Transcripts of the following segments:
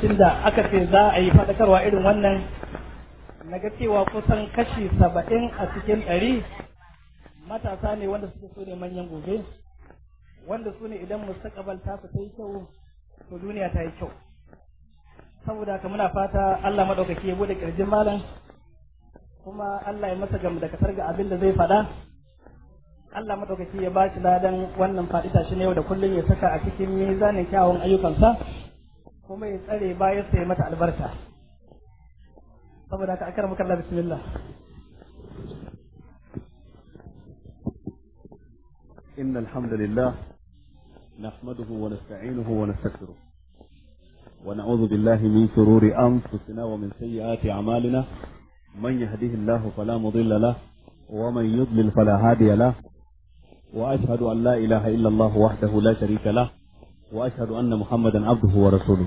tunda aka ce za a yi faɗakarwa irin wannan na ga cewa kusan kashi saba'in a cikin ɗari matasa ne wanda suke so ne manyan gobe wanda su ne idan mustaqbal ta su ta yi kyau to duniya ta yi kyau saboda haka muna fata Allah madaukaki ya bude kirjin malam kuma Allah ya masa gamu da kasar ga abin da zai faɗa Allah madaukaki ya ba shi ladan wannan faɗi shi ne yau da kullum ya saka a cikin mizanin kyawun ayyukansa kuma ya tsare bayan sai mata albarka saboda ka akara maka Allah bismillah إن الحمد لله نحمده ونستعينه ونستغفره ونعوذ بالله من شرور أنفسنا ومن سيئات أعمالنا من يهده الله فلا مضل له ومن يضلل فلا هادي له وأشهد أن لا إله إلا الله وحده لا شريك له وأشهد أن محمدا عبده ورسوله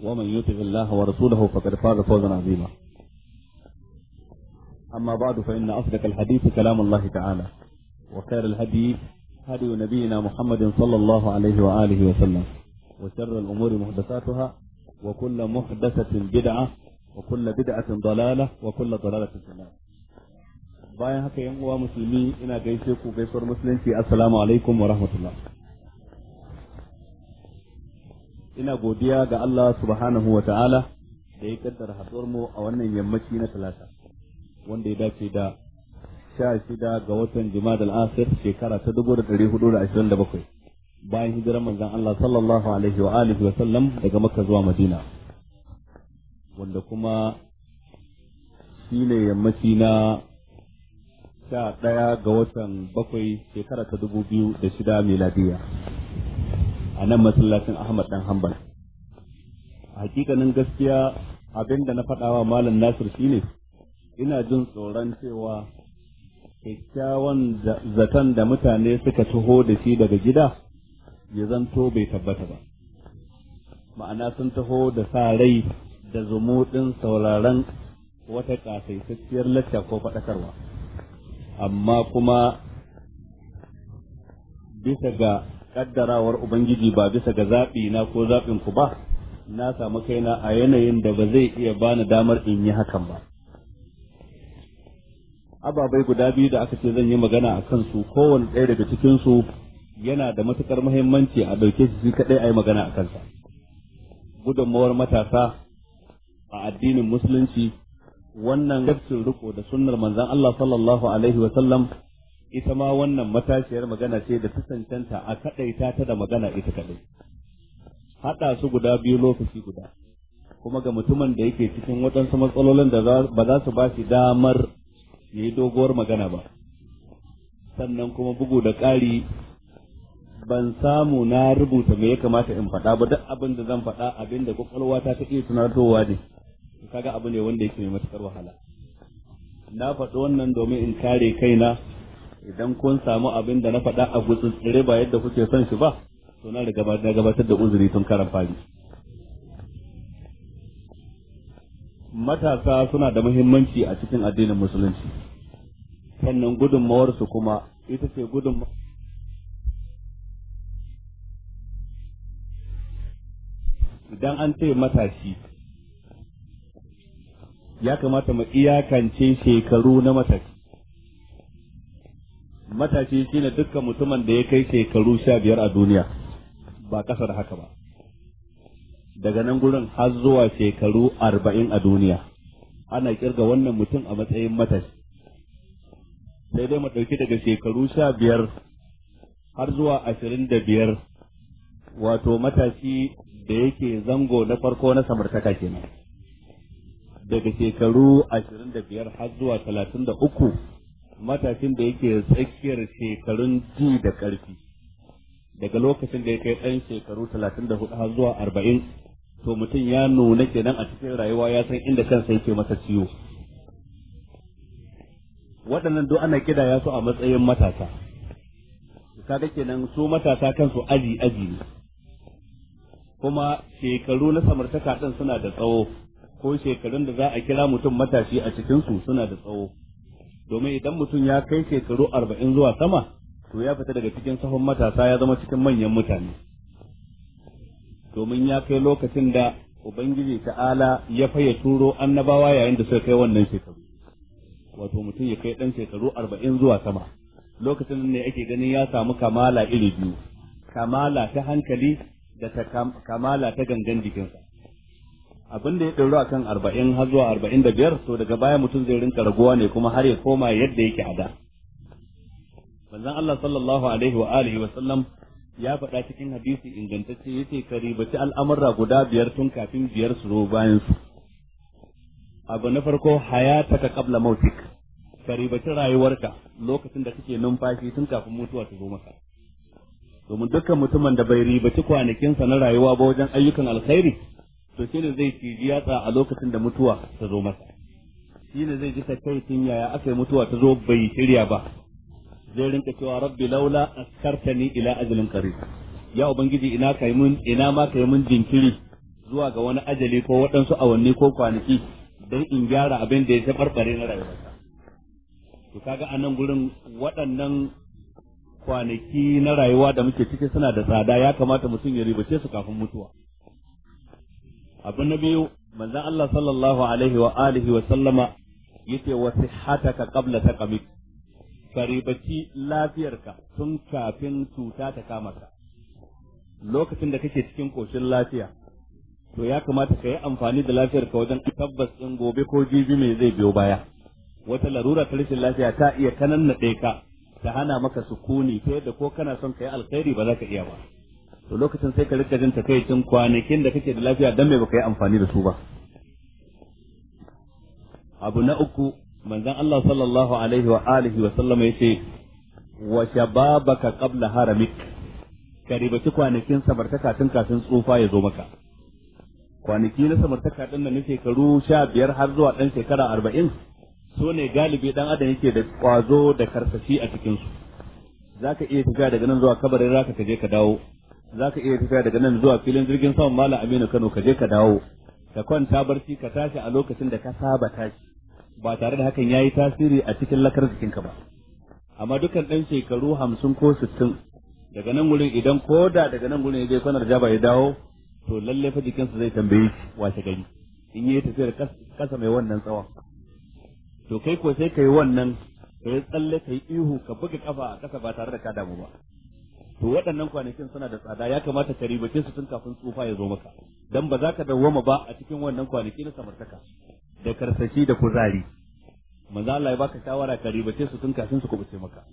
ومن يطع الله ورسوله فقد فاز فوزا عظيما أما بعد فإن أصدق الحديث كلام الله تعالى وخير الهدي هدي نبينا محمد صلى الله عليه وآله وسلم وشر الأمور محدثاتها وكل محدثة بدعة وكل بدعة ضلالة وكل ضلالة في النار bayan haka yan uwa musulmi ina gaishe ku gaisuwar musulunci assalamu alaikum wa rahmatullah ina godiya ga Allah subhanahu wa ta'ala da ya kaddara haɗuwar mu a wannan yammaci na talata wanda ya dace da sha shida ga watan da Asir shekara ta dubu da ɗari hudu da ashirin da bakwai bayan hijirar manzan Allah sallallahu alaihi wa alihi wa sallam daga Makka zuwa Madina wanda kuma shi ne yammaci na sha ɗaya ga watan bakwai shekara ta dubu biyu da shida miladiya a nan masallacin Ahmad dan Hanbal hakikanin gaskiya abinda na faɗawa malam Nasir shine ina jin tsoron cewa kyakkyawan zaton da mutane suka taho da shi daga gida ya zanto bai tabbata ba ma'ana sun taho da sa rai da zumuɗin sauraron wata ƙasaitacciyar lacca ko faɗakarwa amma kuma bisa ga kaddarawar ubangiji ba bisa ga zaɓi na ko zaɓin ku ba na samu kaina a yanayin da ba zai iya bani damar in yi hakan ba ababai guda biyu da aka ce zan yi magana a kansu kowane ɗaya daga cikinsu yana da matukar muhimmanci a ɗauke shi kaɗai a yi magana a kansa gudunmawar matasa a addinin musulunci wannan gafcin riko da sunnar manzon Allah sallallahu alaihi wa sallam ita ma wannan matashiyar magana ce da ta cancanta a kaɗaita ta da magana ita kaɗai haɗa su guda biyu lokaci guda kuma ga mutumin da yake cikin waɗansu matsalolin da ba za su ba shi damar ya yi doguwar magana ba sannan kuma bugu da ƙari ban samu na rubuta me ya kamata in faɗa ba duk abin da zan faɗa abin da kwakwalwata ta iya tunatowa ne kaga abu ne wanda yake mai matuƙar wahala na faɗi wannan domin in kare kaina idan kun samu abin da na faɗa a gutsutsure ba yadda kuke son shi ba to na riga na gabatar da uzuri tun karan fari matasa suna da muhimmanci a cikin addinin musulunci sannan gudunmawarsu kuma ita ce gudunmawar idan an ce matashi ya kamata mu iyakance shekaru na matashi matashi shine dukkan mutumin da ya kai shekaru sha biyar a duniya ba ƙasa da haka ba daga nan gurin har zuwa shekaru arba'in a duniya ana kirga wannan mutum a matsayin matashi sai dai mu ɗauki daga shekaru sha biyar har zuwa ashirin da biyar wato matashi da yake zango na farko na samartaka kenan daga shekaru ashirin da biyar har zuwa talatin da uku matashin da yake tsakiyar shekarun ji da ƙarfi daga lokacin da ya kai ɗan shekaru talatin da hudu har zuwa arba'in to mutum ya nuna kenan a cikin rayuwa ya san inda kansa yake masa ciwo waɗannan duk ana kida ya su a matsayin matasa kaga kenan su matasa kansu aji aji ne kuma shekaru na samartaka ɗin suna da tsawo ko shekarun da za a kira mutum matashi a cikinsu suna da tsawo domin idan mutum ya kai shekaru arba'in zuwa sama to ya fita daga cikin sahun matasa ya zama cikin manyan mutane domin ya kai lokacin da ubangiji ta'ala ya faya turo annabawa yayin da suka kai wannan shekaru wato mutum ya kai dan shekaru arba'in zuwa sama lokacin ne ake ganin ya samu kamala iri biyu kamala ta hankali da ta kamala ta gangan jikinsa abin da ya ɗauro a kan arba'in har zuwa arba'in da biyar to daga baya mutum zai rinka raguwa ne kuma har ya koma yadda yake a da Banzan Allah sallallahu alaihi wa alihi wa sallam ya faɗa cikin hadisi ingantacce ce ka ribaci al'amurra guda biyar tun kafin biyar su zo bayan su abu na farko haya ta ka ƙabla mautik ka ribaci rayuwarka lokacin da kake numfashi tun kafin mutuwa ta zo maka domin dukkan mutumin da bai ribaci kwanakinsa na rayuwa ba wajen ayyukan alkhairi to ne zai ci yatsa a lokacin da mutuwa ta zo masa shi ne zai ji tun yaya aka yi mutuwa ta zo bai shirya ba zai rinka cewa rabbi laula askartani ila ajalin qarib ya ubangiji ina kai mun ina ma kai mun jinkiri zuwa ga wani ajali ko waɗansu awanni ko kwanaki don in gyara abin da ya tabarbare na rayuwa to kaga a nan gurin waɗannan kwanaki na rayuwa da muke ciki suna da tsada ya kamata mutum ya ribace su kafin mutuwa abu na biyu manzon Allah sallallahu alaihi wa alihi wa sallama yace wa sihhataka qabla taqamik ka lafiyarka tun kafin cuta ta kama ka lokacin da kake cikin koshin lafiya to ya kamata ka yi amfani da lafiyarka wajen tabbas ɗin gobe ko jibi mai zai biyo baya wata larura ta rashin lafiya ta iya kanan na ka ta hana maka sukuni ta yadda ko kana son ka yi alkhairi ba za ka iya ba to lokacin sai ka rika jin takaicin kwanakin da kake da lafiya dan me baka yi amfani da su ba abu na uku manzon Allah sallallahu alaihi wa alihi wa sallama yace wa shababaka qabla haramik ka ribaci kwanakin samartaka tun kafin tsufa ya zo maka kwanaki na samartaka din na shekaru sha biyar har zuwa dan shekara arba'in so ne galibi dan adam yake da kwazo da karsashi a cikinsu za ka iya tafiya daga nan zuwa kabarin raka ka je ka dawo za ka iya tafiya daga nan zuwa filin jirgin sama malam aminu kano ka je ka dawo ka kwanta barci ka tashi a lokacin da ka saba tashi ba tare da hakan yayi tasiri a cikin lakar jikinka ba amma dukan ɗan shekaru hamsin ko sittin daga nan wurin idan ko da daga nan wurin ya je kwanar jaba ya dawo to lalle fa jikinsa zai tambaye shi washe gari in yi tafiyar kasa mai wannan tsawon to kai ko sai ka yi wannan ka yi tsalle ka yi ihu ka buga kafa a kasa ba tare da ka damu ba to waɗannan kwanakin suna da tsada ya kamata ka ribace su tun kafin tsufa ya zo maka dan ba za ka dawwama ba a cikin wannan kwanaki na samartaka da karsashi da kuzari manzo Allah ya baka shawara ka ribace su tun kafin su kubuce maka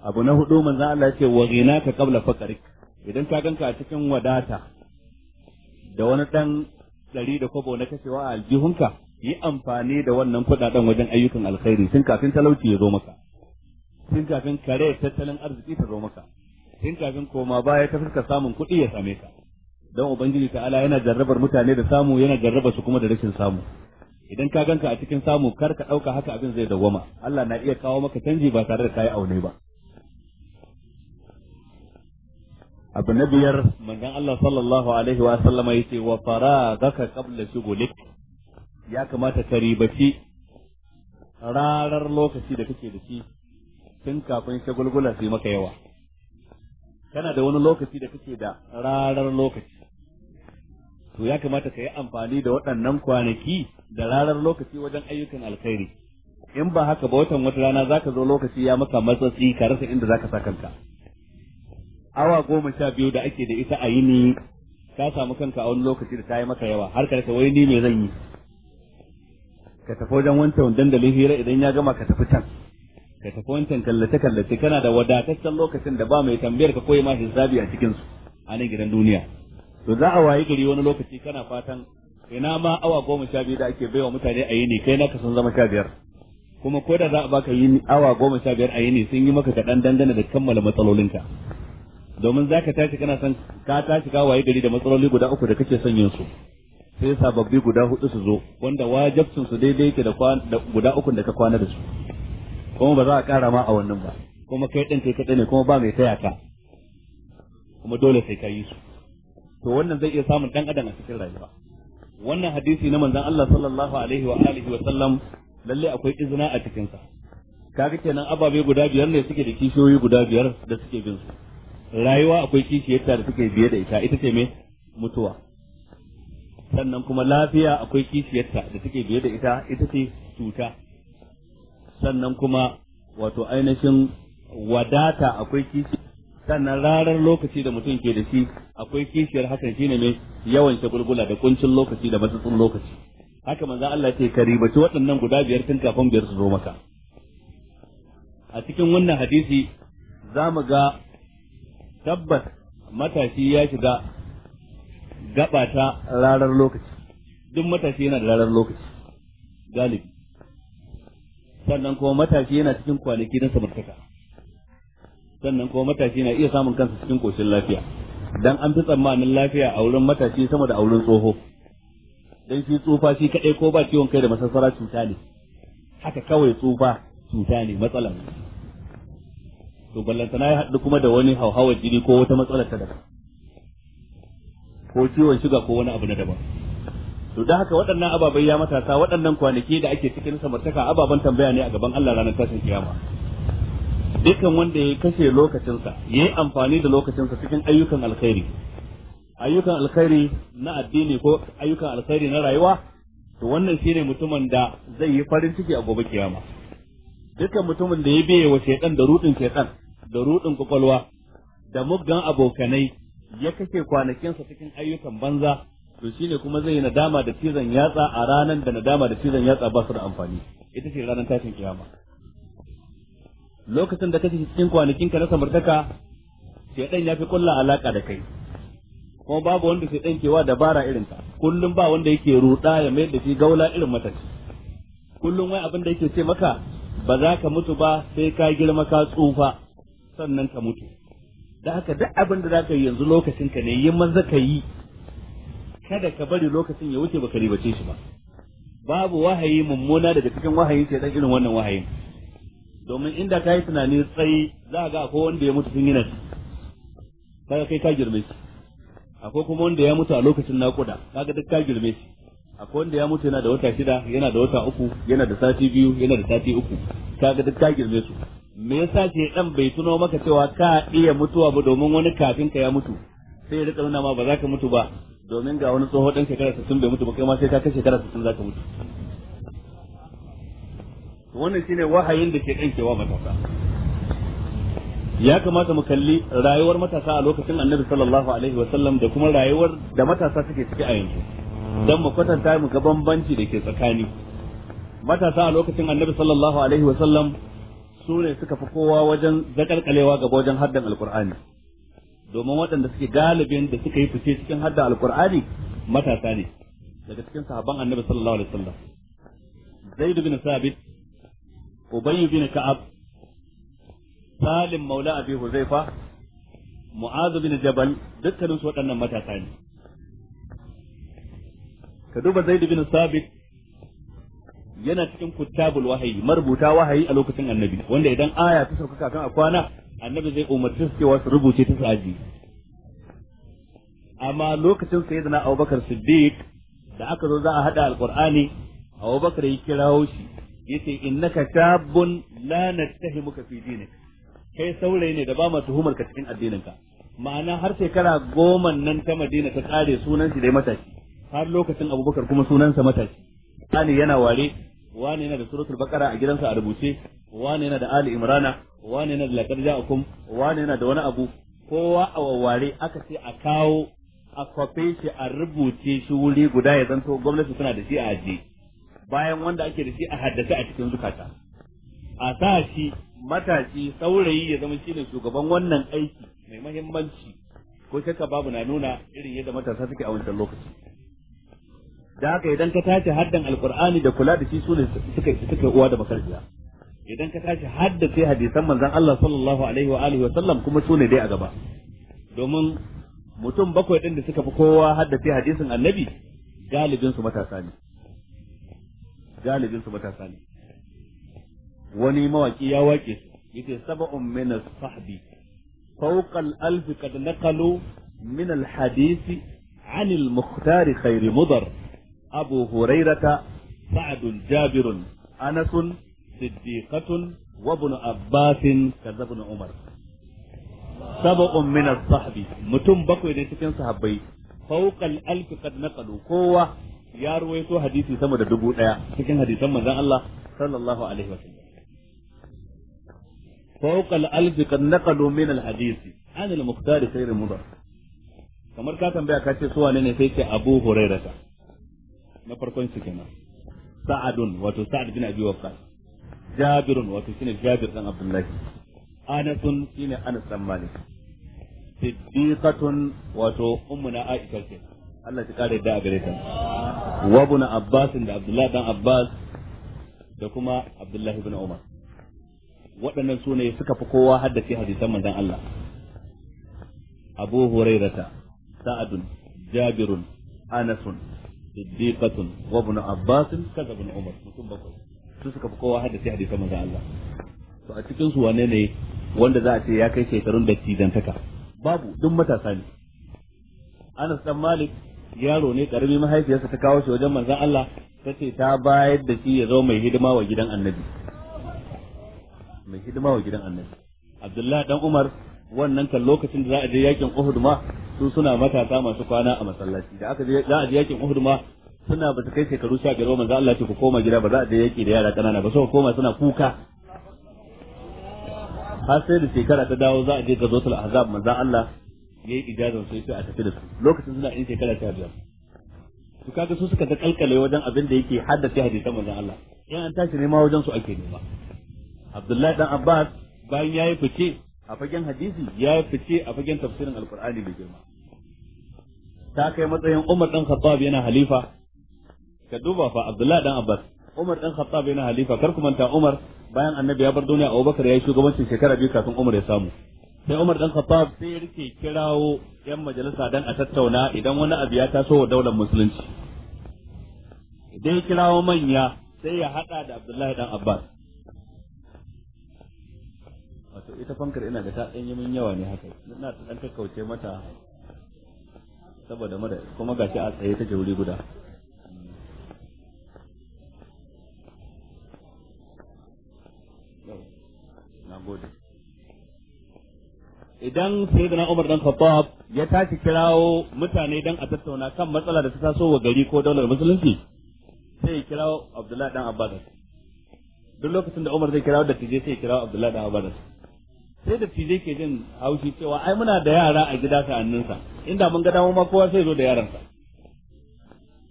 abu na hudu manzo Allah ya ce wa ghinaka qabla faqrik idan ka ganka a cikin wadata da wani dan ɗari da kwabo na kashewa a aljihunka yi amfani da wannan kuɗaɗen wajen ayyukan alkhairi tun kafin talauci ya zo maka tun kafin kare tattalin arziki ta zo maka in kafin koma baya ta ka samun kuɗi ya same ka don ubangiji Ala yana jarrabar mutane da samu yana jarrabar su kuma da rashin samu idan ka ganka a cikin samu kar ka ɗauka haka abin zai dawwama Allah na iya kawo maka canji ba tare da kayi aune ba abu na biyar manzon Allah sallallahu alaihi wa sallama yace wa faragaka qabla shugulik ya kamata ka ribaci rarar lokaci da kake da shi tun kafin shagulgula su yi maka yawa kana da wani lokaci da kake da rarar lokaci to ya kamata ka yi amfani da waɗannan kwanaki da rarar lokaci wajen ayyukan alkhairi in ba haka ba watan wata rana zaka zo lokaci ya maka matsatsi ka rasa inda zaka sa kanka awa goma sha biyu da ake da ita a yini ka samu kanka a wani lokaci da ta yi maka yawa har ka wai ni me zan yi ka tafi wajen wancan dandalin hira idan ya gama ka tafi can ka tafi wancan kallace kallace kana da wadataccen lokacin da ba mai tambayar ka koyi ma hisabi a cikinsu su a nan gidan duniya to za a wayi gari wani lokaci kana fatan ina ma awa goma sha biyu da ake baiwa mutane a yini kai naka sun zama sha biyar kuma ko da za a baka yini awa goma sha biyar a yini sun yi maka kaɗan dangane da kammala matsalolinka domin za ka tashi kana son ka tashi ka waye gari da matsaloli guda uku da kake son yin su sai sababbi guda hudu su zo wanda wajabcin su daidai ke da guda uku da ka kwana da su kuma ba za a ƙara ma a wannan ba kuma kai ɗin kai kaɗai ne kuma ba mai taya ka kuma dole sai ka yi su to wannan zai iya samun ɗan adam a cikin rayuwa wannan hadisi na manzon Allah sallallahu alaihi wa alihi wa sallam lalle akwai izina a cikin sa kaga kenan ababe guda biyar ne suke da kishiyoyi guda biyar da suke bin su rayuwa akwai kishiyarta da suke biye da ita ita ce me mutuwa sannan kuma lafiya akwai kishiyarta da suke biye da ita ita ce cuta sannan kuma wato ainihin wadata akwai kishi sannan rarar lokaci da mutum ke da shi akwai kishiyar hakan shine ne yawan shagulgula da kuncin lokaci da matsatsin lokaci haka manzo Allah ce ka ribaci waɗannan guda biyar tun kafin biyar su zo maka a cikin wannan hadisi za mu ga tabbas matashi ya shiga gaba ta rarar lokaci duk matashi yana da rarar lokaci galibi sannan kuma matashi yana cikin kwanaki na samartaka sannan kuma matashi na iya samun kansa cikin koshin lafiya dan an fi tsammanin lafiya a wurin matashi sama da a wurin tsoho dan shi tsufa shi kadai ko ba ciwon kai da masassara cuta ne haka kawai tsufa cuta ne matsala ne to ballantana ya haɗu kuma da wani hauhawar jini ko wata matsalar ta daban ko ciwon shiga ko wani abu na daban to da haka waɗannan ababai ya matasa waɗannan kwanaki da ake cikin samartaka ababan tambaya ne a gaban Allah ranar tashin kiyama dukan wanda ya kashe lokacinsa ya yi amfani da lokacinsa cikin ayyukan alkhairi ayyukan alkhairi na addini ko ayyukan alkhairi na rayuwa to wannan shine mutumin da zai yi farin ciki a gobe kiyama dukan mutumin da ya biye wa shaitan da rudin shaitan da rudin kwakwalwa da muggan abokanai ya kashe kwanakinsa cikin ayyukan banza to shine kuma zai nadama da cizon yatsa a ranan da nadama da cizon yatsa ba su da amfani ita ce ranar tashin kiyama lokacin da kake cikin kwanakin ka na samartaka shedan ya fi kulla alaka da kai kuma babu wanda shedan ke wa dabara irin ta kullum ba wanda yake ruda ya mayar da shi gaula irin mata kullum wai abin da yake ce maka ba za ka mutu ba sai ka girma ka tsufa sannan ka mutu da haka duk abin da za ka yi yanzu lokacin ka ne yi maza ka yi kada ka bari lokacin ya wuce baka ribace shi ba babu wahayi mummuna daga cikin wahayin sai dan irin wannan wahayin domin inda ka yi tunani tsayi za ga akwai wanda ya mutu tun yana kaga kai ka girme shi akwai kuma wanda ya mutu a lokacin naƙuda kaga duk ka girme shi akwai wanda ya mutu yana da wata shida yana da wata uku yana da sati biyu yana da sati uku kaga duk ka girme su me yasa ce dan bai tuno maka cewa ka iya mutuwa ba domin wani kafin ka ya mutu sai ya rika nuna ma ba za ka mutu ba domin ga wani tsoho ɗan shekara sun bai mutu ba kai ma sai ka kai shekara za ka mutu wannan shine wahayin da ke kewa matasa ya kamata mu kalli rayuwar matasa a lokacin annabi sallallahu alaihi wasallam da kuma rayuwar da matasa suke ciki a yanzu dan mu kwatanta mu ga bambanci da ke tsakani matasa a lokacin annabi sallallahu alaihi wasallam su ne suka fi kowa wajen zakalkalewa gaba wajen haddan alkur'ani domin waɗanda suke galibin da suka yi fice cikin hadda alƙur'ani matasa ne daga cikin sahabban annabi sallallahu alaihi wasallam zaid bin sabit ubay bin ka'ab salim maula abi huzaifa mu'az bin jabal dukkanin su waɗannan matasa ne ka duba zaid bin sabit yana cikin kutabul wahayi marubuta wahayi a lokacin annabi wanda idan aya ta sauka kan a kwana annabi zai umarci su cewa su rubuce ta su aji amma lokacin da na Abubakar Siddiq da aka zo za a hada alqur'ani Abubakar ya kirawo shi yace innaka tabun la nattahimuka fi dinik kai saurayi ne da ba ma tuhumar ka cikin addininka ma'ana har shekara goma nan ta Madina ta kare sunan shi dai matashi har lokacin Abubakar kuma sunansa matashi ani yana ware wani yana da suratul baqara a gidansa a rubuce wani yana da ali imrana wani yana da lakar ja'akum wani yana da wani abu kowa a wawware aka ce a kawo a kwafe shi a rubuce shi wuri guda ya zanto gwamnati suna da shi a ajiye bayan wanda ake da shi a haddace a cikin zukata a sa shi matashi saurayi ya zama shi ne shugaban wannan aiki mai mahimmanci ko shakka babu na nuna irin yadda matasa suke a wancan lokaci da haka idan ka tace haddan alkur'ani da kula da shi su ne suka uwa da makarfiya idan ka tashi haddace hadisan manzon Allah sallallahu alaihi wa alihi wa sallam kuma sune dai a gaba domin mutum bakwai din da suka fi kowa haddace hadisin annabi galibin su matasa ne galibin su matasa ne wani mawaki ya wake su yace sab'un min as-sahbi fawqa al-alf qad naqalu min al-hadisi عن المختار خير مضر أبو هريرة سعد جابر أنس siddiqatun وابن عباس كذا ابن عمر umar من الصحب as mutum bakwai ne cikin sahabbai fawqal alf qad naqalu kowa ya ruwaito hadisi sama da dubu daya cikin hadithan manzon Allah sallallahu alaihi wasallam fawqal alf qad naqalu min al-hadisi an kamar ka tambaya ka ce su wane ne sai ce Abu Hurairah na farkon su kenan sa'adun wato sa'ad bin abi waqqas jabirun wato shine jabir dan abdullahi anasun shine anas dan malik siddiqatun wato ummuna aisha ce Allah ta kare da gare ta wa ibn da abdullahi dan abbas da kuma abdullahi ibn umar waɗannan sunai suka fi kowa haddace hadisan dan Allah abu hurairata sa'adun jabirun anasun siddiqatun wa ibn abbas kaza ibn umar su suka fi kowa sai hadisan manzon Allah to a cikin su wane ne wanda za a ce ya kai shekarun da dantaka babu duk matasa ne Anas dan Malik yaro ne karami mahaifiyarsa ta kawo shi wajen manzon Allah ta ce ta bayar da shi ya zo mai hidima wa gidan Annabi mai hidima wa gidan Annabi Abdullahi dan Umar wannan kan lokacin da za a je yakin Uhud ma su suna matasa masu kwana a masallaci da aka je za a je yakin Uhud ma suna ba su kai shekaru sha biyar manzo Allah ce ku koma gida ba za a je yaki da yara kanana ba so koma suna kuka har sai da shekara ta dawo za a je gazotul ahzab manzo Allah yi ijazar sai sai a tafi da su lokacin suna in shekara ta biyar su kaga su suka ta kalkale wajen abin da yake haddace hadisan manzo Allah in an tashi nema wajen su ake nema Abdullahi dan Abbas bayan yayi fice a fagen hadisi ya fice a fagen tafsirin alqur'ani da girma ta kai matsayin Umar dan Khattab yana halifa ka duba fa Abdullahi dan Abbas Umar dan Khattab yana halifa kar ku manta Umar bayan annabi ya bar duniya Abubakar yayi shugabancin shekara biyu kafin Umar ya samu sai Umar dan Khattab sai rike kirawo yan majalisa dan a tattauna idan wani abu ya taso wa daular musulunci idan ya kirawo manya sai ya hada da Abdullahi dan Abbas wato ita fankar ina da ta dan yawa ne haka ina dan kakkauce mata saboda mada kuma gashi a tsaye take wuri guda gode idan sayyidina Umar dan Khattab ya tashi kirawo mutane dan a tattauna kan matsala da ta taso wa gari ko daular musulunci sai ya kirawo Abdullahi dan Abbas duk lokacin da Umar zai kirawo da tije sai ya kirawo Abdullahi dan Abbas sai da tije ke jin haushi cewa ai muna da yara a gida ka annunsa inda mun ga dama ma kowa sai zo da yaransa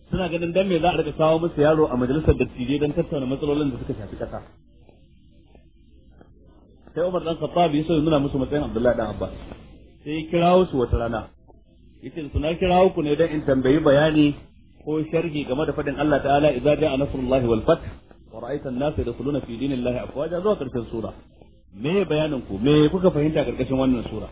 suna ganin dan me za a rika kawo musu yaro a majalisar dattijai dan tattauna matsalolin da suka shafi kasa sai Umar dan Khattab ya sai nuna musu matsayin Abdullahi dan Abbas sai ya kirawo su wata rana yace su na kirawo ku ne dan in tambayi bayani ko sharhi game da fadin Allah ta'ala idza ja'a nasrullahi wal fath wa ra'aita an-nasa yadkhuluna fi dinillahi afwaja zuwa karshen sura me bayanin ku me kuka fahimta karkashin wannan sura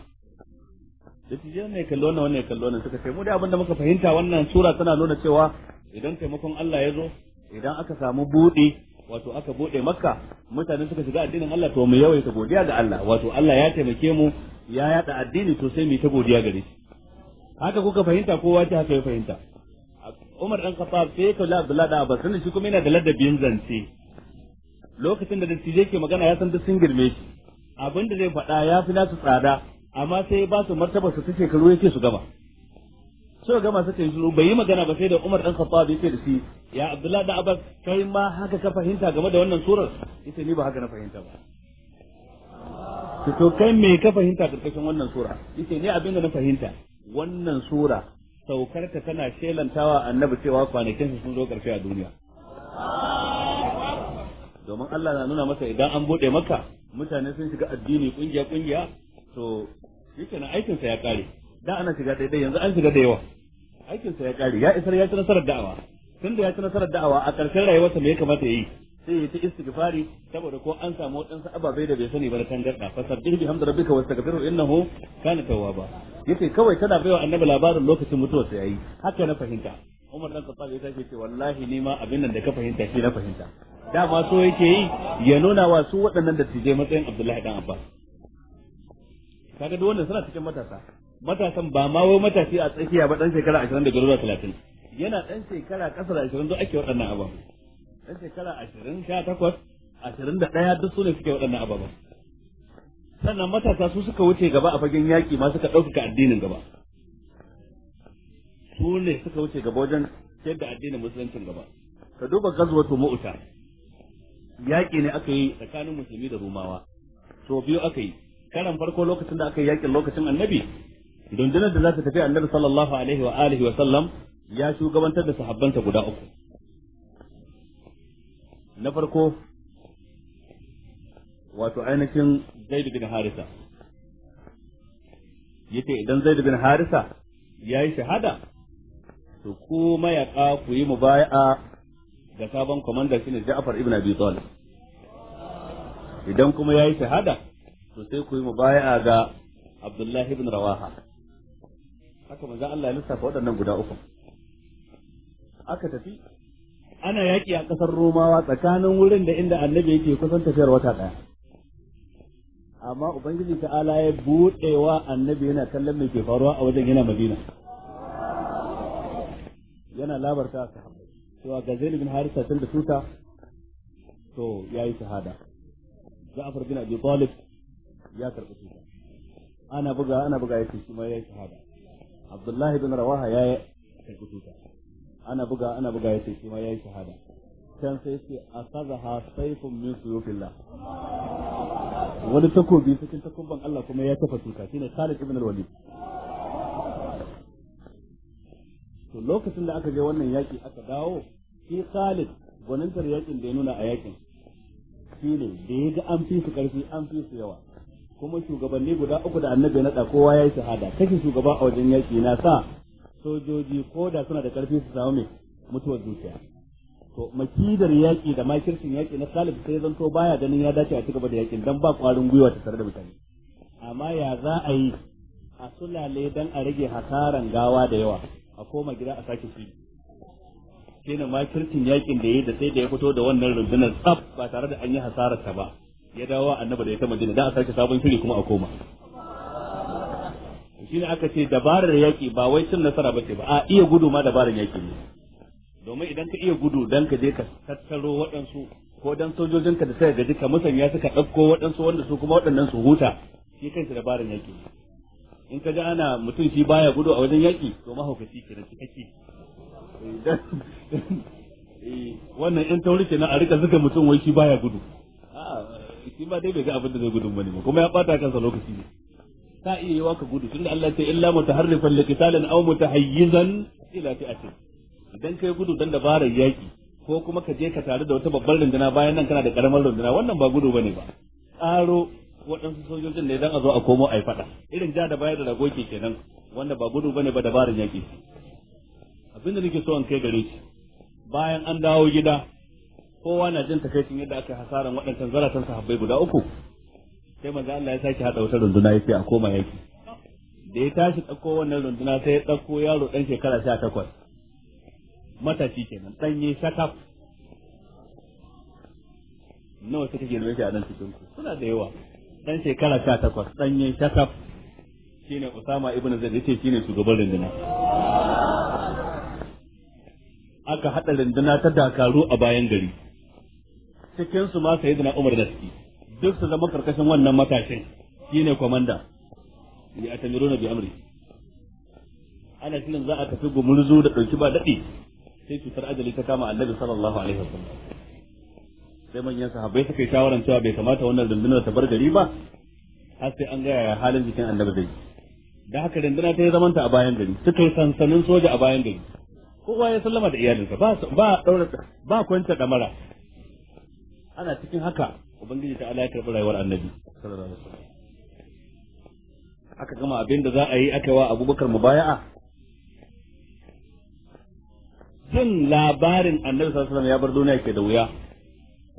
dattijan ne kallo na wannan kallo wannan suka ce mu da abin da muka fahimta wannan sura tana nuna cewa idan taimakon Allah ya zo idan aka samu budi wato aka bude makka mutane suka shiga addinin Allah to mu yawaita godiya ga Allah wato Allah ya taimake mu ya yada addini to sai mu ta godiya gare shi haka kuka fahimta kowa ta haka ya fahimta Umar dan Khattab sai ka la Abdullah da Abbas shi kuma yana da ladabin zance lokacin da dattijai ke magana ya san duk sun girme shi abinda zai faɗa ya fi nasu tsada amma sai ba su martaba su ta shekaru yake su gaba so ga masu kai shiru bai yi magana ba sai da Umar dan Khattab yake da shi ya Abdullah da Abbas kai ma haka ka fahimta game da wannan surar yace ni ba haka na fahimta ba to kai me ka fahimta karkashin wannan sura yace ni abin da na fahimta wannan sura saukarta tana shelantawa annabi cewa kwanakin sun zo karfe a duniya domin Allah na nuna masa idan an bude maka mutane sun shiga addini kungiya kungiya to yake na aikin sa ya kare da ana shiga daidai yanzu an shiga da yawa aikinsa ya kare ya isar ya ci nasarar da'awa ya ci nasarar da'awa a ƙarshen rayuwarsa me ya kamata ya yi sai ya ta istighfari saboda ko an samu waɗansu ababai da bai sani ba da kan garda fasabbih bihamdi rabbika wastaghfiru innahu kana tawwaba yace kawai tana baiwa annabi labarin lokacin mutuwar sa yayi haka na fahimta Umar dan Khattab ya tafi ce wallahi ni ma abin nan da ka fahimta shi na fahimta dama so yake yi ya nuna wa su waɗannan da tije matsayin Abdullahi dan Abbas kaga duk wannan suna cikin matasa matasan ba ma wai matashi a tsakiya ba dan shekara da garuruwa 30 yana dan shekara kasa da 20 duk ake waɗannan ababen dan shekara 20 18 21 duk su ne suke waɗannan ababen sannan matasa su suka wuce gaba a fagen yaƙi ma suka ɗaukaka addinin gaba su ne suka wuce gaba wajen yadda addinin musuluncin gaba ka duba gazwatu mu'ta yaƙi ne aka yi tsakanin musulmi da rumawa so biyu aka yi karan farko lokacin da aka yi yaƙin lokacin annabi dundunar da za ta tafi annabi sallallahu alaihi wa alihi wa sallam ya shugabantar da sahabbanta guda uku na farko wato ainihin zaid bin harisa yace idan zaid bin harisa yi shahada to ku mayaka ku yi mubaya'a ga sabon komanda shine Ja'far ibn Abi Talib idan kuma ya yi shahada to sai ku yi mubaya'a ga Abdullahi ibn Rawaha haka manzon Allah ya lissafa waɗannan guda uku aka tafi ana yaƙi a ƙasar Romawa tsakanin wurin da inda annabi yake kusan tafiyar wata ɗaya amma ubangiji ta'ala ya buɗewa annabi yana kallon mai ke faruwa a wajen yana Madina yana labarta sahaba. cewa ga Zainab bin Harisa tun da tuta to yayi shahada Ja'far bin Abi Talib ya karɓi tuta ana buga ana buga yake ya yayi shahada Abdullahi bin Rawaha ya yi karɓi tuta ana buga ana buga ya ce shi ma ya yi shahada can sai ce a ha saifin min suyufillah wani takobi cikin takobin Allah kuma ya kafa shi ne Khalid ibn al-Walid to lokacin da aka je wannan yaki aka dawo shi Khalid gwanin yakin da ya nuna a yakin shi ne da ya ga an fi su karfi an fi su yawa kuma shugabanni guda uku da annabi na kowa ya yi shahada kashin shugaba a wajen yaki na sa sojoji ko da suna da karfi su samu mai mutuwar zuciya to makidar yaki da makircin yaki na salib sai zanto baya ganin ya dace a ci gaba da yakin dan ba kwarin gwiwa ta tare da mutane amma ya za a yi a sulale dan a rage hasaran gawa da yawa a koma gida a sake shi shine makircin yakin da yayi da sai da ya fito da wannan rundunar tsaf ba tare da an yi hasarar ta ba ya dawo annaba da ya ta madina dan a sake sabon shiri kuma a koma shi ne aka ce dabarar yaƙi ba wai cin nasara ba ce ba a iya gudu ma dabarar yaƙi ne domin idan ka iya gudu dan ka je ka tattaro waɗansu ko dan sojojinka da suka gaji ka musanya suka ɗauko waɗansu wanda su kuma waɗannan su huta shi kansa dabarar yaƙi ne in ka ji ana mutum shi baya gudu a wajen yaƙi to mahaukaci kenan cikakke eh, wannan yan taurin kenan a rika zuga mutum wai shi baya gudu a'a shi ba dai bai ga abin da zai gudun bane kuma ya bata kansa lokaci ne ka iya yi ka gudu tunda Allah ce illa mutaharrifan liqitalin aw mutahayyizan ila fi'atin dan kai gudu dan dabarar yaki ko kuma ka je ka tare da wata babbar runduna bayan nan kana da karamar runduna wannan ba gudu bane ba tsaro waɗansu sojojin ne dan a zo a komo a yi faɗa irin ja da bayar da rago ke kenan wanda ba gudu bane ba dabarar yaki abinda nake so an kai gare shi bayan an dawo gida kowa na jin takaicin yadda aka hasaran waɗancan zaratan sahabbai guda uku sai manzo Allah ya sake hada wata runduna ya a koma yaki da ya tashi dauko wannan runduna sai ya ɗauko yaro ɗan shekara sha takwas matashi kenan ɗanye shakaf nawa suka girme shi a nan cikin ku suna da yawa ɗan shekara sha takwas ɗanye shakaf shine Usama ibn Zaid yace shine shugaban runduna aka haɗa runduna ta Dakaru a bayan gari cikin su ma sayyidina Umar da suke duk su zama karkashin wannan matashin shine komanda ya atamiruna bi amri ana shirin za a tafi gumurzu da dauki ba dadi sai cutar ajali ta kama annabi sallallahu alaihi wasallam sai manyan sahabbai suka yi shawaran cewa bai kamata wannan rundunar ta bar gari ba har sai an gaya halin jikin annabi zai da haka rundunar ta yi zamanta a bayan gari suka yi sansanin soja a bayan gari kowa ya sallama da iyalinsa ba ba daura ba kwanta damara ana cikin haka ubangiji ta Allah ya karɓi rayuwar annabi aka gama abin da za a yi aka wa abubakar mubaya'a jin labarin annabi sallallahu alaihi ya bar duniya ke da wuya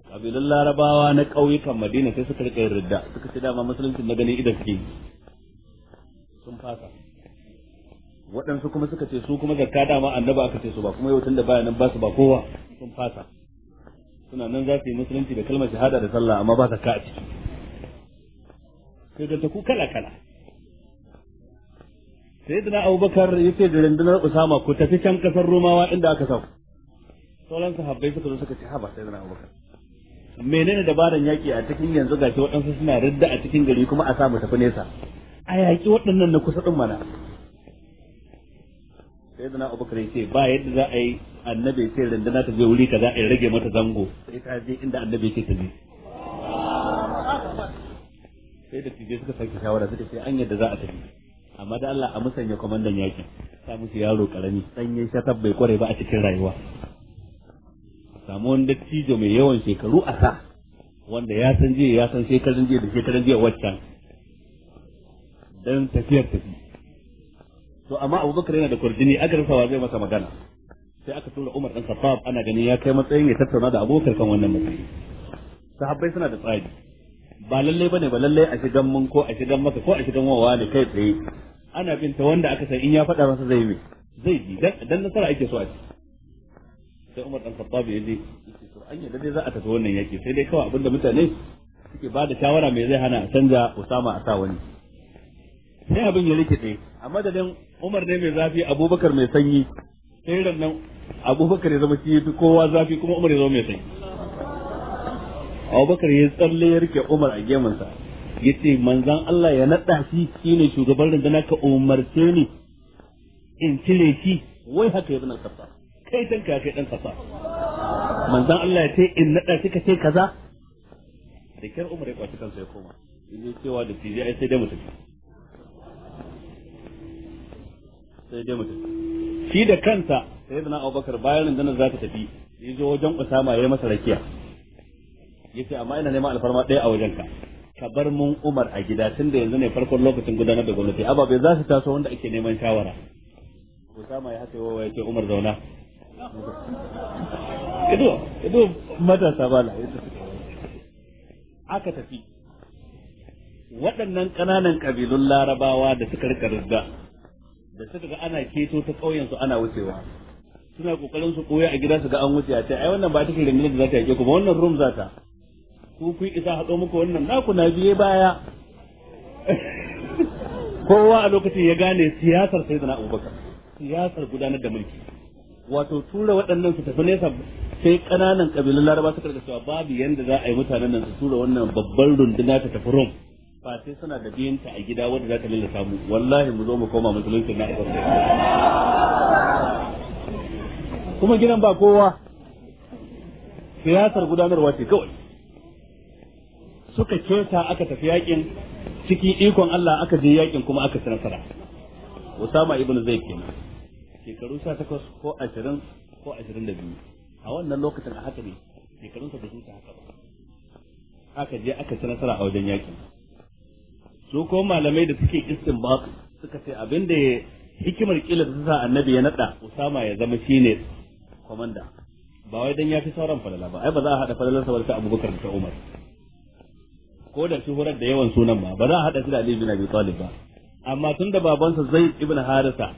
kabilan larabawa na ƙauyukan madina sai suka rika yin ridda suka ce dama musulunci na gani idan suke sun fasa waɗansu kuma suka ce su kuma zakka dama annaba aka ce su ba kuma yau tun da bayanan ba su ba kowa sun fasa suna nan za su yi musulunci da kalmar shahada da sallah amma ba ta ka a ciki kai ta ku kala kala sai da abubakar yake da rundunar usama ku tafi can kasar romawa inda aka sau sauran sahabbai suka zo suka ce haba sai da abubakar menene dabaran yaki a cikin yanzu ga shi waɗansu suna ridda a cikin gari kuma a sa mu tafi nesa a yaƙi waɗannan na kusa ɗin mana sai da abubakar ya ce ba yadda za a yi annabi sai rindana ta je wuri za a rage mata zango sai ta je inda annabi ke ta je sai da tije suka sake shawara suka ce an yadda za a tafi amma da Allah a musanya kwamandan yaki ta musu yaro karami sanye shatab bai kware ba a cikin rayuwa samu wani dattijo mai yawan shekaru a sa wanda ya san jiya ya san shekarun jiya da shekarun jiya waccan dan tafiyar tafi to amma Abubakar yana da kurjini aka rufawa zai masa magana sai aka tura Umar dan Khattab ana ganin ya kai matsayin ya tattauna da abokan kan wannan matsayi sahabbai suna da tsari ba lalle bane ba lalle a shigan mun ko a shigan maka ko a shigan wawa ne kai tsaye ana bin ta wanda aka san in ya faɗa masa zai yi zai ji dan nasara ake so a ci sai Umar dan Khattab ya ji to an yadda dai za a tafi wannan yaki sai dai kawai abinda mutane suke ba da shawara mai zai hana a canja Usama a sa wani sai abin ya rikide a madadin Umar ne mai zafi Abubakar mai sanyi sai nan abubakar ya zama shi yafi kowa zafi kuma umar ya zama mai sanyi abubakar ya tsalle ya rike umar a gemansa ya ce manzan Allah ya naɗa shi shi ne shugaban rundunar ka umarce ni in cire shi wai haka ya zana kasa kai dan ka kai dan kasa manzan Allah ya ce in naɗa shi ka ce kaza da kyar umar ya kwaci kansa ya koma in yi cewa da shi ai sai dai mutum sai dai mutum shi da kansa sai da na abubakar bayan rundunar za ta tafi ya zo wajen usama ya yi masa rakiya ya ce amma ina neman alfarma ɗaya a wajenka ka bar mun umar a gida tun da yanzu ne farkon lokacin gudanar da gwamnati ababe za su taso wanda ake neman shawara usama ya haka yawa ya ce umar zauna ido ido matasa ba la aka tafi waɗannan ƙananan ƙabilun larabawa da suka rika rizga da suka ga ana keto ta ƙauyensu ana wucewa suna kokarin su koya a gida su ga an wuce a ce ai wannan ba take ringinar da za ta yake ku ba wannan rum za ta ku ku isa haɗo muku wannan naku na biye baya kowa a lokacin ya gane siyasar sai da abubakar siyasar gudanar da mulki wato tura waɗannan su tafi nesa sai ƙananan ƙabilun laraba suka da cewa babu yanda za a yi mutanen nan su tura wannan babban runduna ta tafi rum ba sai suna da biyanta a gida wadda za ta lalata mu wallahi mu zo mu koma musulunci na asar kuma gidan ba kowa siyasar gudanarwa ce kawai suka keta aka tafi yakin ciki ikon Allah aka je yakin kuma aka ci nasara Usama ibn Zaid kenan shekaru 18 ko 20 ko 22 a wannan lokacin a haka ne shekarun sa da su haka ba aka je aka ci nasara a wajen yakin su ko malamai da suke istinbat suka ce abinda hikimar kila da sa annabi ya nada Usama ya zama shine komanda ba wai dan ya fi sauran falala ba ai ba za a hada falalar sa ta Abubakar da Umar ko da shi horar da yawan sunan ba ba za a hada shi da Ali bin Abi Talib ba amma tun da babansa Zaid ibn Harisa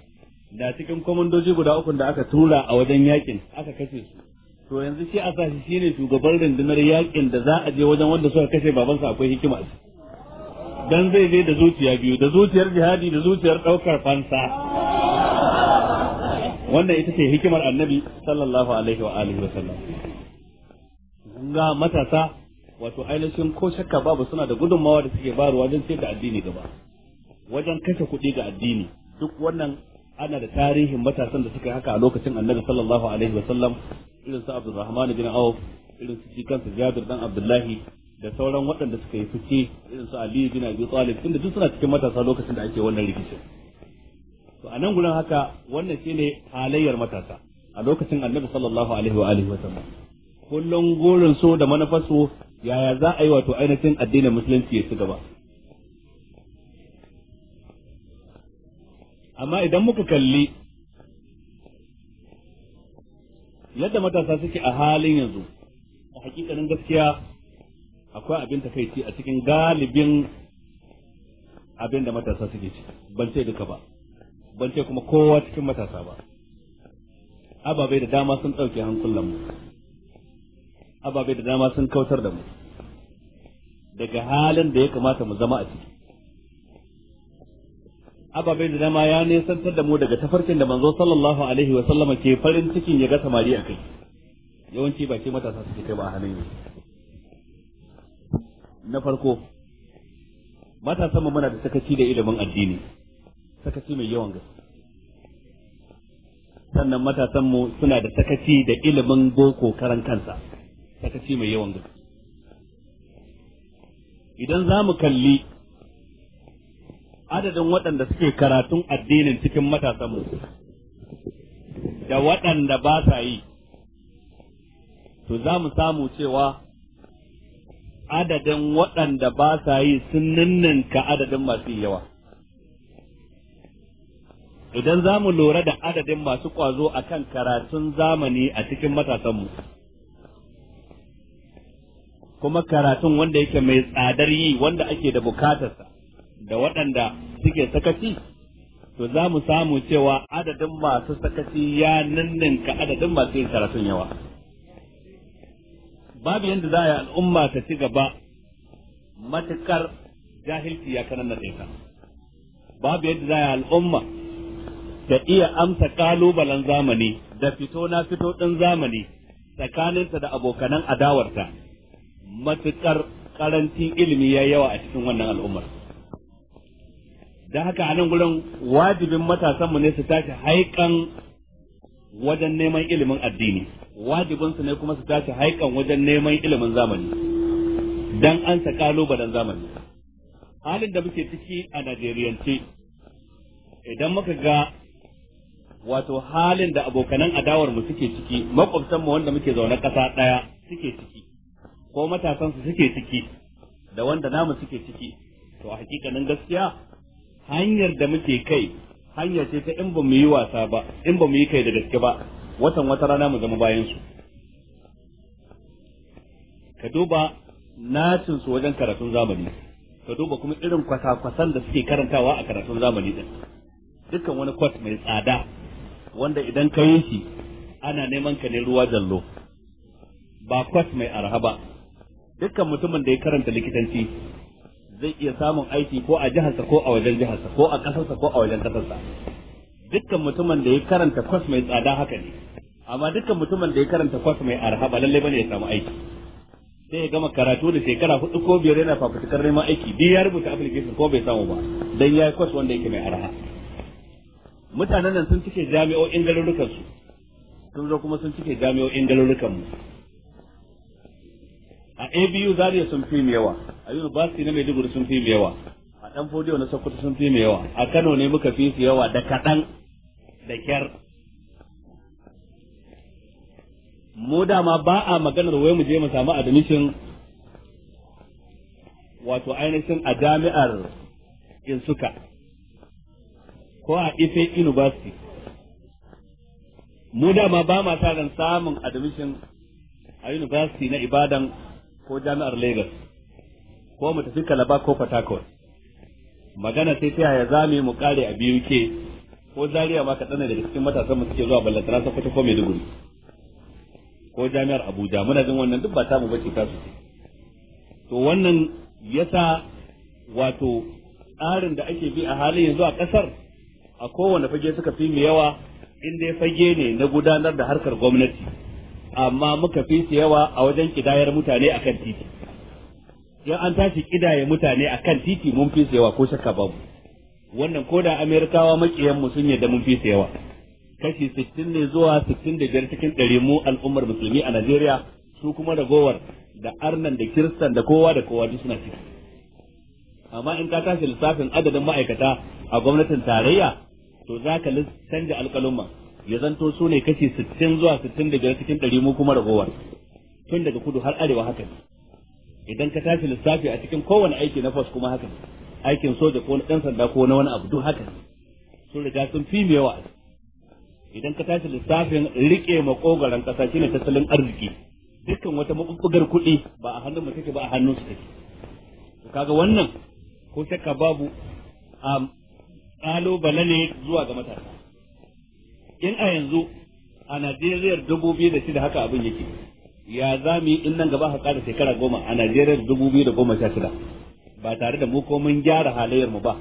da cikin komandoji guda uku da aka tura a wajen yakin aka kashe su to yanzu shi a sashi shine shugaban rundunar yakin da za a je wajen wanda suka kashe babansa akwai hikima a dan zai je da zuciya biyu da zuciyar jihadi da zuciyar daukar fansa wannan ita ce hikimar annabi sallallahu alaihi wa alihi wa sallam ga matasa wato ainihin ko shakka babu suna da gudunmawa da suke bayarwa wajen sai da addini gaba wajen kashe kuɗi ga addini duk wannan ana da tarihin matasan da suka haka a lokacin annabi sallallahu alaihi wa sallam irin su abdurrahman bin auf irin su shi kansa jabir dan abdullahi da sauran waɗanda suka yi fice irin su ali bin abi talib tunda duk suna cikin matasa lokacin da ake wannan rikicin to a nan gurin haka wannan shi ne halayyar matasa a lokacin annabi sallallahu alaihi wa alihi wasallam kullun gurin so da manufarsu yaya za a yi wato ainihin addinin musulunci ya ci gaba amma idan muka kalli yadda matasa suke a halin yanzu a hakikanin gaskiya akwai abin ta takaici a cikin galibin abin da matasa suke ci ban ce duka ba ban ce kuma kowa cikin matasa ba ababai da dama sun ɗauke hankulan mu ababai da dama sun kautar da mu daga halin da ya kamata mu zama a ciki ababai da dama ya nesantar da mu daga tafarkin da manzo sallallahu alaihi wa sallama ke farin cikin ya ga samari a kai yawanci ba ce matasa suke kai ba a hannun na farko matasan mu muna da sakaci da ilimin addini sakaci mai yawan gaske sannan matasanmu suna da sakaci da ilimin boko karan kansa sakaci mai yawan gaske idan za mu kalli adadin waɗanda suke karatun addinin cikin matasanmu da waɗanda ba sa yi to za mu samu cewa adadin waɗanda ba sa yi sun ninninka adadin masu yawa idan za mu lura da adadin masu kwazo a kan karatun zamani a cikin matasanmu kuma karatun wanda yake mai tsadar yi wanda ake da bukatarsa da waɗanda suke sakaci to za mu samu cewa adadin masu sakaci ya ninninka adadin masu yin karatun yawa babu yadda za a yi al'umma ta ci gaba matukar jahilci ya kanan na babu yadda za a yi al'umma da iya amsa kalubalen zamani da fito na fito ɗin zamani tsakaninsa da abokanan adawarta matuƙar ƙarancin ilimi ya yawa a cikin wannan al'ummar da haka a nan gurin wajibin matasanmu ne su tashi haikan wajen neman ilimin addini wajibinsu ne kuma su tashi haikan wajen neman ilimin zamani don an sa kalubalen zamani halin da muke ciki a najeriyance idan muka ga wato halin da abokanan adawar mu suke ciki makwabtan mu wanda muke zaune kasa daya suke ciki ko matasan su suke ciki da wanda namu suke ciki to a hakikanin gaskiya hanyar da muke kai hanyar ce ta in ba mu yi wasa ba in ba mu yi kai da gaske ba watan wata rana mu zama bayan su ka duba nacin su wajen karatun zamani ka duba kuma irin kwasa-kwasan da suke karantawa a karatun zamani din dukkan wani kwas mai tsada wanda idan ka yi shi ana neman ka ne ruwa jallo ba kwas mai arha ba dukkan mutumin da ya karanta likitanci zai iya samun aiki ko a jiharsa ko a wajen jiharsa ko a ƙasarsa ko a wajen ƙasarsa dukkan mutumin da ya karanta kwas mai tsada haka ne amma dukkan mutumin da ya karanta kwas mai arha ba lallai bane ya samu aiki sai ya gama karatu da shekara hudu ko biyar yana fafutukar neman aiki biyu ya rubuta application ko bai samu ba dan ya yi kwas wanda yake mai arha mutanen nan sun cike jami'o'in garurukan su sun zo kuma sun cike jami'o'in garurukan mu a ABU Zaria sun fi mu yawa a University na Maiduguri sun fi yawa a Dan Fodiyo na Sokoto sun fi yawa a Kano ne muka fi su yawa da kaɗan da kyar mu dama ba a maganar wai mu je mu samu admission wato ainihin a jami'ar in suka ko a Ife University mu dama ba ma sa ran samun admission a University na Ibadan ko Jami'ar Lagos ko mu tafi Kalaba ko Port magana sai ta yaya za mu kare a biyu ke ko Zaria ma kaɗan daga cikin matasan mu suke zuwa ballantana sa kwata ko Maiduguri ko Jami'ar Abuja muna jin wannan duk ba ta mu bace ta su to wannan yasa wato tsarin da ake bi a halin yanzu a ƙasar a kowane fage suka fi mu yawa in dai fage ne na gudanar da harkar gwamnati amma muka fi su yawa a wajen kidayar mutane akan titi yan an tashi kidaye mutane akan titi mun fi su yawa ko shakka babu wannan ko da amerikawa makiyan mu sun yadda mun fi su yawa kashi 60 ne zuwa 65 cikin ɗari mu al'ummar musulmi a Najeriya su kuma ragowar da arnan da kiristan da kowa da kowa duk suna ciki amma in ka tashi lissafin adadin ma'aikata a gwamnatin tarayya to za ka canja alƙalumma ya zanto su ne kashi sittin zuwa sittin da biyar cikin ɗari mu kuma ragowar tun daga kudu har arewa haka ne idan ka tashi lissafi a cikin kowane aiki na fas kuma haka ne aikin soja ko na ɗan sanda ko na wani abu duk haka ne sun riga sun fi mai yawa idan ka tashi lissafin riƙe makogaran ƙasa shine tattalin arziki dukkan wata mabubbugar kuɗi ba a hannun mu take ba a hannun su take kaga wannan ko shakka babu bala ne zuwa ga matasa in a yanzu a Najeriya dubu biyu da shida haka abin yake ya za mu yi in nan gaba haka da shekara goma a Najeriya dubu biyu da goma sha shida ba tare da mu ko mun gyara halayyar mu ba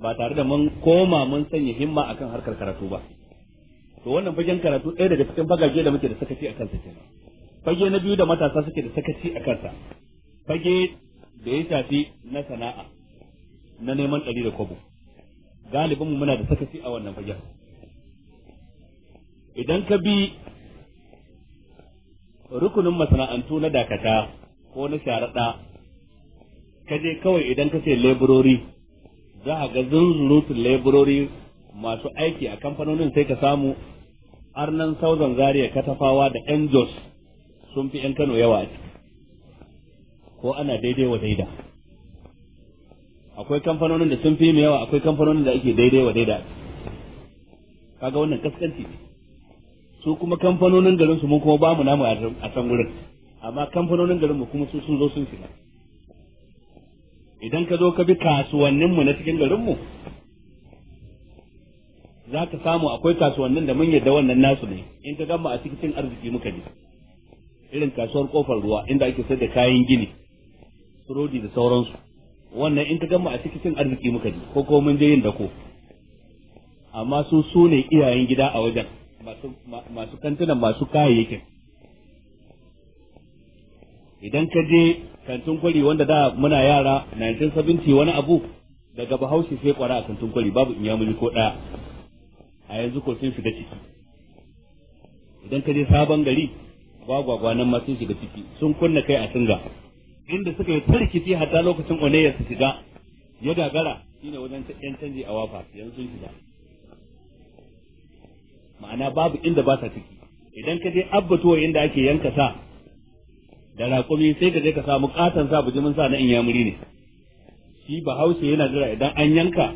ba tare da mun koma mun sanya himma akan harkar karatu ba to wannan fagen karatu ɗaya daga cikin fagage da muke da sakaci a kansa kenan fage na biyu da matasa suke da sakaci a kansa fage da ya shafi na sana'a na neman ɗari da kwabo galibin mu muna da sakaci a wannan fagen idan ka bi rukunin masana'antu na dakata ko na sharaɗa ka je kawai idan ka ce laborori za a ga zunzurutun laborori masu aiki a kamfanonin sai ka samu arnan sauzan zaria katafawa da angels sun fi yan kano yawa ko ana daidai wa daida akwai kamfanonin da sun fi mu yawa akwai kamfanonin da ake daidai wa daida kaga wannan kaskanci su kuma kamfanonin garin su mu kuma ba mu namu a san wurin amma kamfanonin garin mu kuma su sun zo sun shiga idan ka zo ka bi kasuwannin mu na cikin garin mu za ka samu akwai kasuwannin da mun yadda wannan nasu ne in ka gama a cikin arziki muka ne irin kasuwar kofar ruwa inda ake sayar da kayan gini surodi da sauransu wannan in ka gama a cikin cin arziki muka ji ko ko mun je yin dako amma su su ne iyayen gida a wajen masu kantunan masu kayayyakin idan ka je kantun kwari wanda da muna yara 1970 wani abu daga bahaushe sai kwara a kantun kwari babu in yamuni ko ɗaya a yanzu ko sun shiga ciki idan ka je sabon gari gwagwagwa nan ma sun shiga ciki sun kunna kai a singa inda suka yi tarkici hatta lokacin onayar su shiga ya gagara shine wajen yan canji a wafa yanzu sun shiga ma'ana babu inda ba ta ciki idan ka je abbatuwa inda ake yanka sa da raƙumi sai ka je ka samu katon sa bujimin sa na inyamuri ne shi bahaushe yana jira idan an yanka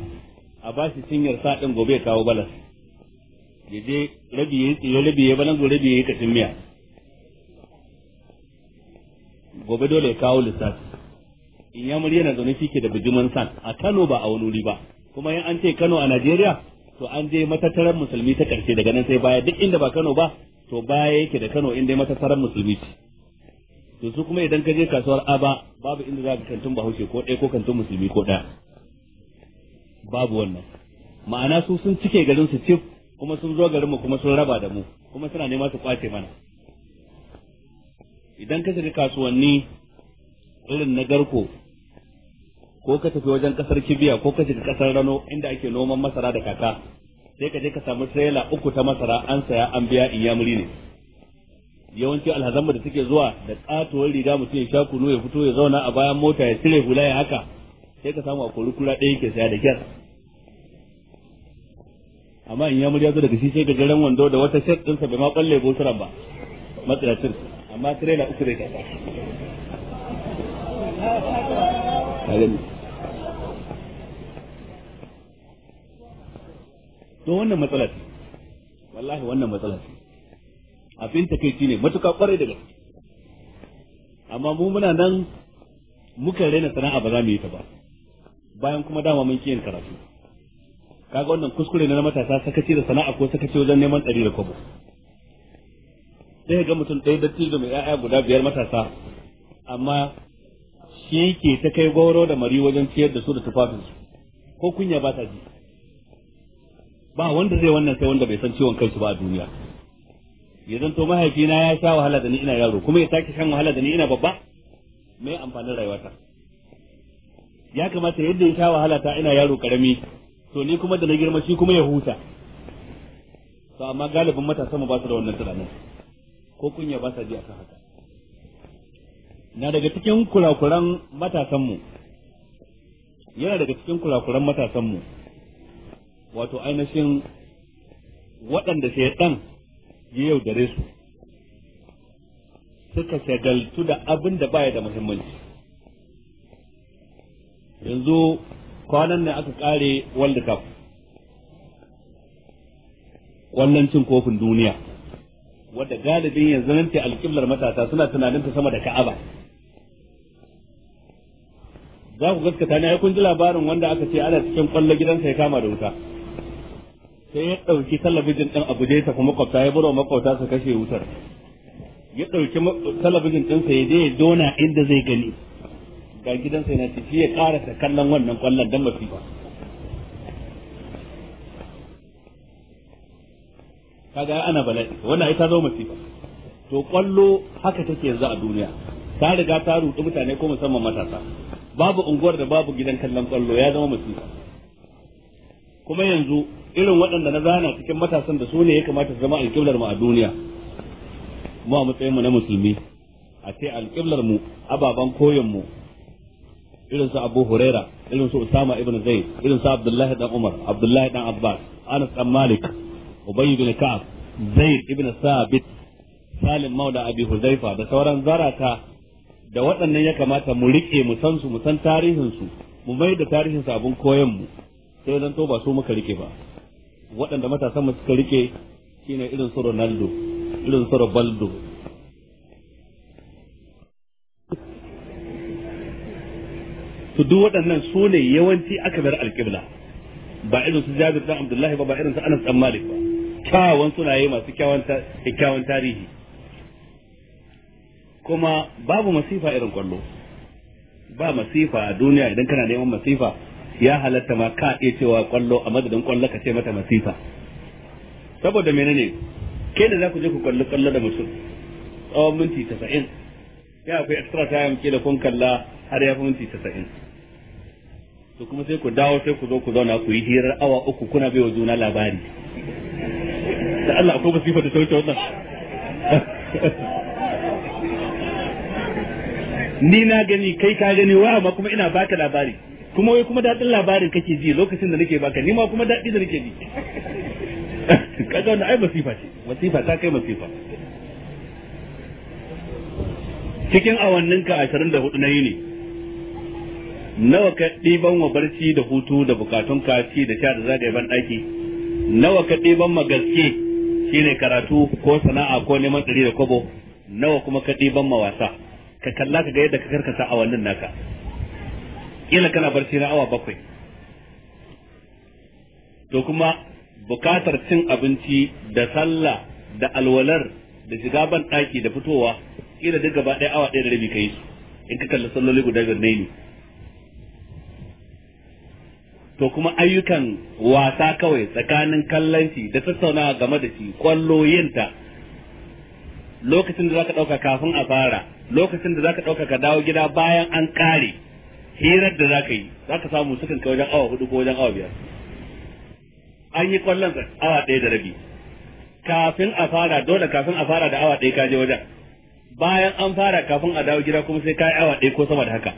a ba shi cinyar sa ɗin gobe ya kawo balas ya je rabi ya rabi ya balango rabi ya yi kashin miya gobe dole ya kawo lissafi in ya murya na zaune shi ke da bijiman san a kano ba a wani wuri ba kuma in an ce kano a najeriya to an je matattarar musulmi ta karshe daga nan sai baya duk inda ba kano ba to baya yake da kano inda matattarar musulmi ce to su kuma idan ka je kasuwar aba babu inda za ka kantun bahaushe ko ɗaya ko kantun musulmi ko ɗaya babu wannan ma'ana su sun cike garin su cif kuma sun zo garin mu kuma sun raba da mu kuma suna nema su kwace mana idan ka shiga kasuwanni irin na garko ko ka tafi wajen kasar kibiya ko ka shiga kasar rano inda ake noman masara da kaka sai ka je ka samu trailer uku ta masara an saya an biya inyamuri ne yawanci alhazanmu da suke zuwa da katuwar riga mutum ya sha kunu ya fito ya zauna a bayan mota ya cire hula ya haka sai ka samu a kori kura ɗaya ke saya da kyar amma in ya zo daga shi sai gajeren wando da wata shirt ɗinsa bai ma ƙwalle bosuran ba matsayacin amma tirela uku zai karba to wannan matsala ce wallahi wannan matsala ce abin kai ne matuka ƙwarai daga. amma mu muna nan muka raina sana'a ba za mu yi ta ba bayan kuma dama mun kiyin karatu kaga wannan kuskure na matasa sakaci da sana'a ko sakaci wajen neman tsari da kwabo sai ga mutum ɗaya dattijo mai ƴaƴa guda biyar matasa amma shi ke ta kai goro da mari wajen ciyar da su da tufafinsu ko kunya ba ta ji ba wanda zai wannan sai wanda bai san ciwon kansu ba a duniya ya zanto mahaifina ya sha wahala da ni ina yaro kuma ya sake shan wahala da ni ina babba mai amfanin rayuwata ya kamata yadda ya sha wahala ta ina yaro karami to ni kuma da na girma shi kuma ya huta to amma galibin matasan mu ba su da wannan tunanin ko kunya ba sa ji akan haka na daga cikin kurakuran matasanmu yana daga cikin kurakuran matasanmu wato ainihin waɗanda shaidan ya yaudare su suka shagaltu da abin da baya da muhimmanci yanzu kwanan ne aka kare world cup wannan cin kofin duniya wadda galibin yanzu nan ta alƙiblar matasa suna tunanin ta sama da ka'aba za ku gaskata ne ai kun ji labarin wanda aka ce ana cikin kwallo gidansa ya kama da wuta sai ya ɗauki talabijin ɗin abu ta kuma makwabta ya bura makwabta su kashe wutar ya ɗauki talabijin ɗinsa ya je ya dona inda zai gani ga gidansa yana tafi ya ƙarasa kallon wannan kwallon don masifa kaga ana bala'i wannan ai ta zama masifa to kwallo haka take yanzu a duniya ta riga ta rudu mutane ko musamman matasa babu unguwar da babu gidan kallon kwallo ya zama masifa kuma yanzu irin waɗanda na zana cikin matasan da su ne ya kamata su zama alƙiblar mu a duniya mu a matsayin mu na musulmi a ce alƙiblar mu ababan koyon mu irin su Abu Huraira irin su Usama ibn Zaid irin su Abdullahi dan Umar Abdullahi dan Abbas Anas dan Malik ubay bin ka'ab zaid ibn sabit salim maula abi hudhaifa da sauran zarata da waɗannan ya kamata mu rike mu san su mu san tarihin su mu mai da tarihin su abun koyon mu sai zan to ba su muka rike ba waɗanda matasan mu suka rike shine irin su Ronaldo irin su Robaldo su duk waɗannan su ne yawanci aka bar alƙibla ba irin su Jabir dan Abdullahi ba ba irin su Anas dan Malik ba kyawawan sunaye masu kyawawan tarihi kuma babu masifa irin kwallo ba masifa a duniya idan kana neman masifa ya halatta ma ka iya cewa kwallo a madadin kwallo ka ce mata masifa saboda menene ke da za ku je ku kwallo kwallo da mutum tsawon minti tasa'in ya akwai extra time ke da kun kalla har ya fi minti tasa'in to kuma sai ku dawo sai ku zo ku zauna ku yi hirar awa uku kuna bai wa juna labari da Allah akwai masifar da sauke wannan ni na gani kai ka gani wa amma kuma ina baka labari kuma wai kuma daɗin labarin kake ji lokacin da nake baka ni ma kuma daɗi da nake ji kaga wannan ai masifa ce masifa ta kai masifa cikin awanninka ashirin da hudu na yini nawa ka ɗiban wa barci da hutu da bukatun ci da sha da zagaye ban ɗaki nawa ka ɗiban ma gaske shine karatu ko sana'a ko neman ɗari da kobo nawa kuma ka ɗiban wasa ka kalla ka ga yadda ka karkasa a wannan naka kila kana barci na awa bakwai to kuma bukatar cin abinci da sallah da alwalar da shiga ban ɗaki da fitowa kila duk gaba ɗaya awa ɗaya da rabi ka yi su in ka kalla salloli guda biyar ne to kuma ayyukan wasa kawai tsakanin kallanci da tattaunawa game da shi kwallo yinta lokacin da zaka dauka kafin a fara lokacin da zaka dauka ka dawo gida bayan an kare hirar da zaka yi zaka samu sukan kai wajen awa hudu ko wajen awa biyar an yi kwallon awa ɗaya da rabi kafin a fara dole kafin a fara da awa ɗaya ka je wajen bayan an fara kafin a dawo gida kuma sai ka yi awa ɗaya ko sama da haka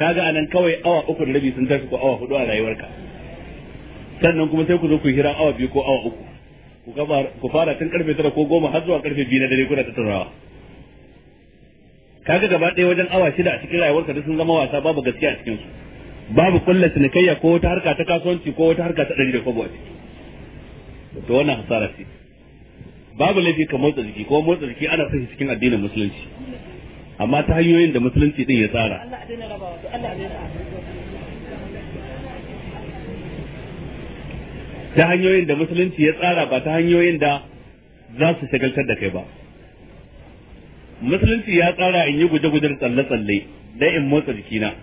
kaga anan kawai awa uku da rabi sun tashi ko awa hudu a rayuwarka sannan kuma sai ku zo ku hira awa biyu ko awa uku ku fara tun karfe tara ko goma har zuwa karfe biyu na dare kuna tattaunawa kaga gaba ɗaya wajen awa shida a cikin rayuwarka duk sun zama wasa babu gaskiya a cikin su babu kullu sinikayya ko wata harka ta kasuwanci ko wata harka ta ɗari da kwabo a ciki to wannan hasara ce babu laifi ka motsa jiki ko motsa jiki ana son cikin addinin musulunci amma ta hanyoyin da musulunci din ya tsara ta hanyoyin da musulunci ya tsara ba ta hanyoyin da za su shagaltar da kai ba musulunci ya tsara in yi guje-gujen tsalle-tsalle da in motsa jikina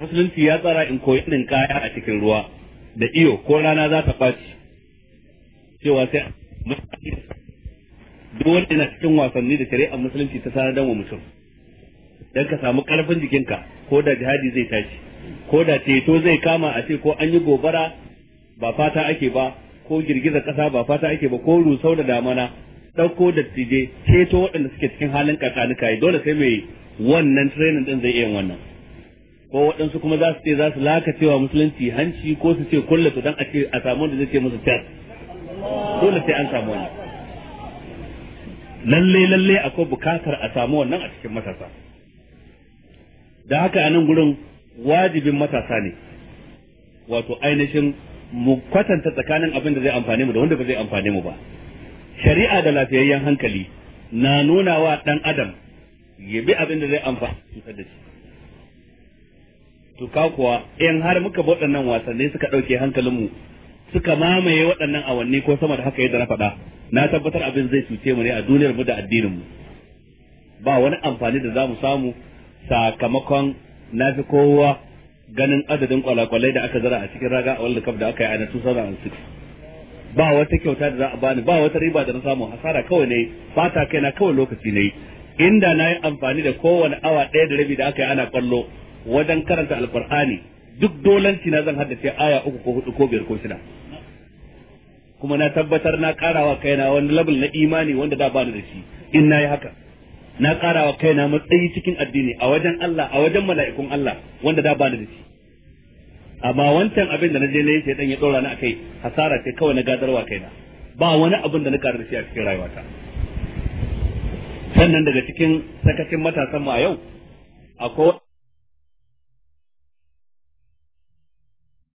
musulunci ya tsara in koyi irin kaya a cikin ruwa da iyo ko rana za ta ɓaci cewa sai musulunci duk wanda yana cikin wasanni da shari'ar musulunci ta sanar da mutum dan ka samu karfin jikinka ko da jihadi zai tashi ko da teto zai kama a ce ko an yi gobara ba fata ake ba ko girgizar kasa ba fata ake ba ko rusau da damana ɗauko da tije ceto waɗanda suke cikin halin yi dole sai mai wannan training din zai iya wannan ko waɗansu kuma za su ce za su lakacewa musulunci hanci ko su ce kulle su dan a ce a samu da zai ce musu cat dole sai an samu wannan lalle lalle akwai bukatar a samu wannan a cikin matasa da haka a nan gurin wajibin matasa ne wato ainihin mu kwatanta tsakanin abin da zai amfane mu da wanda ba zai amfane mu ba shari'a da lafiyayyen hankali na nuna wa dan adam ya bi abin da zai amfani da shi to ka kuwa in har muka bi waɗannan wasanni suka ɗauke mu suka mamaye waɗannan awanni ko sama da haka yadda na faɗa na tabbatar abin zai cuce mu ne a duniyar mu da addinin mu ba wani amfani da za mu samu sakamakon na fi kowa ganin adadin kwalakwalai da aka zara a cikin raga a World Cup da aka yi a 2006 ba wata kyauta da za a bani ba wata riba da na samu hasara kawai ne kai na kawai lokaci ne inda na yi amfani da kowane awa ɗaya da rabi da aka yi ana kwallo wajen karanta alkur'ani duk dolanci na zan haddace aya uku ko hudu ko biyar ko shida kuma na tabbatar na karawa kaina wani labul na imani wanda da bani da shi in na yi haka na ƙara wa kaina matsayi cikin addini a wajen Allah a wajen mala'ikun Allah wanda da bani da shi amma wancan abin da na je nayi dan ya dora ni akai hasara ce kawai na gadarwa kaina ba wani abin da na ƙara da shi a cikin rayuwata sannan daga cikin sakacin matasan mu a yau akwai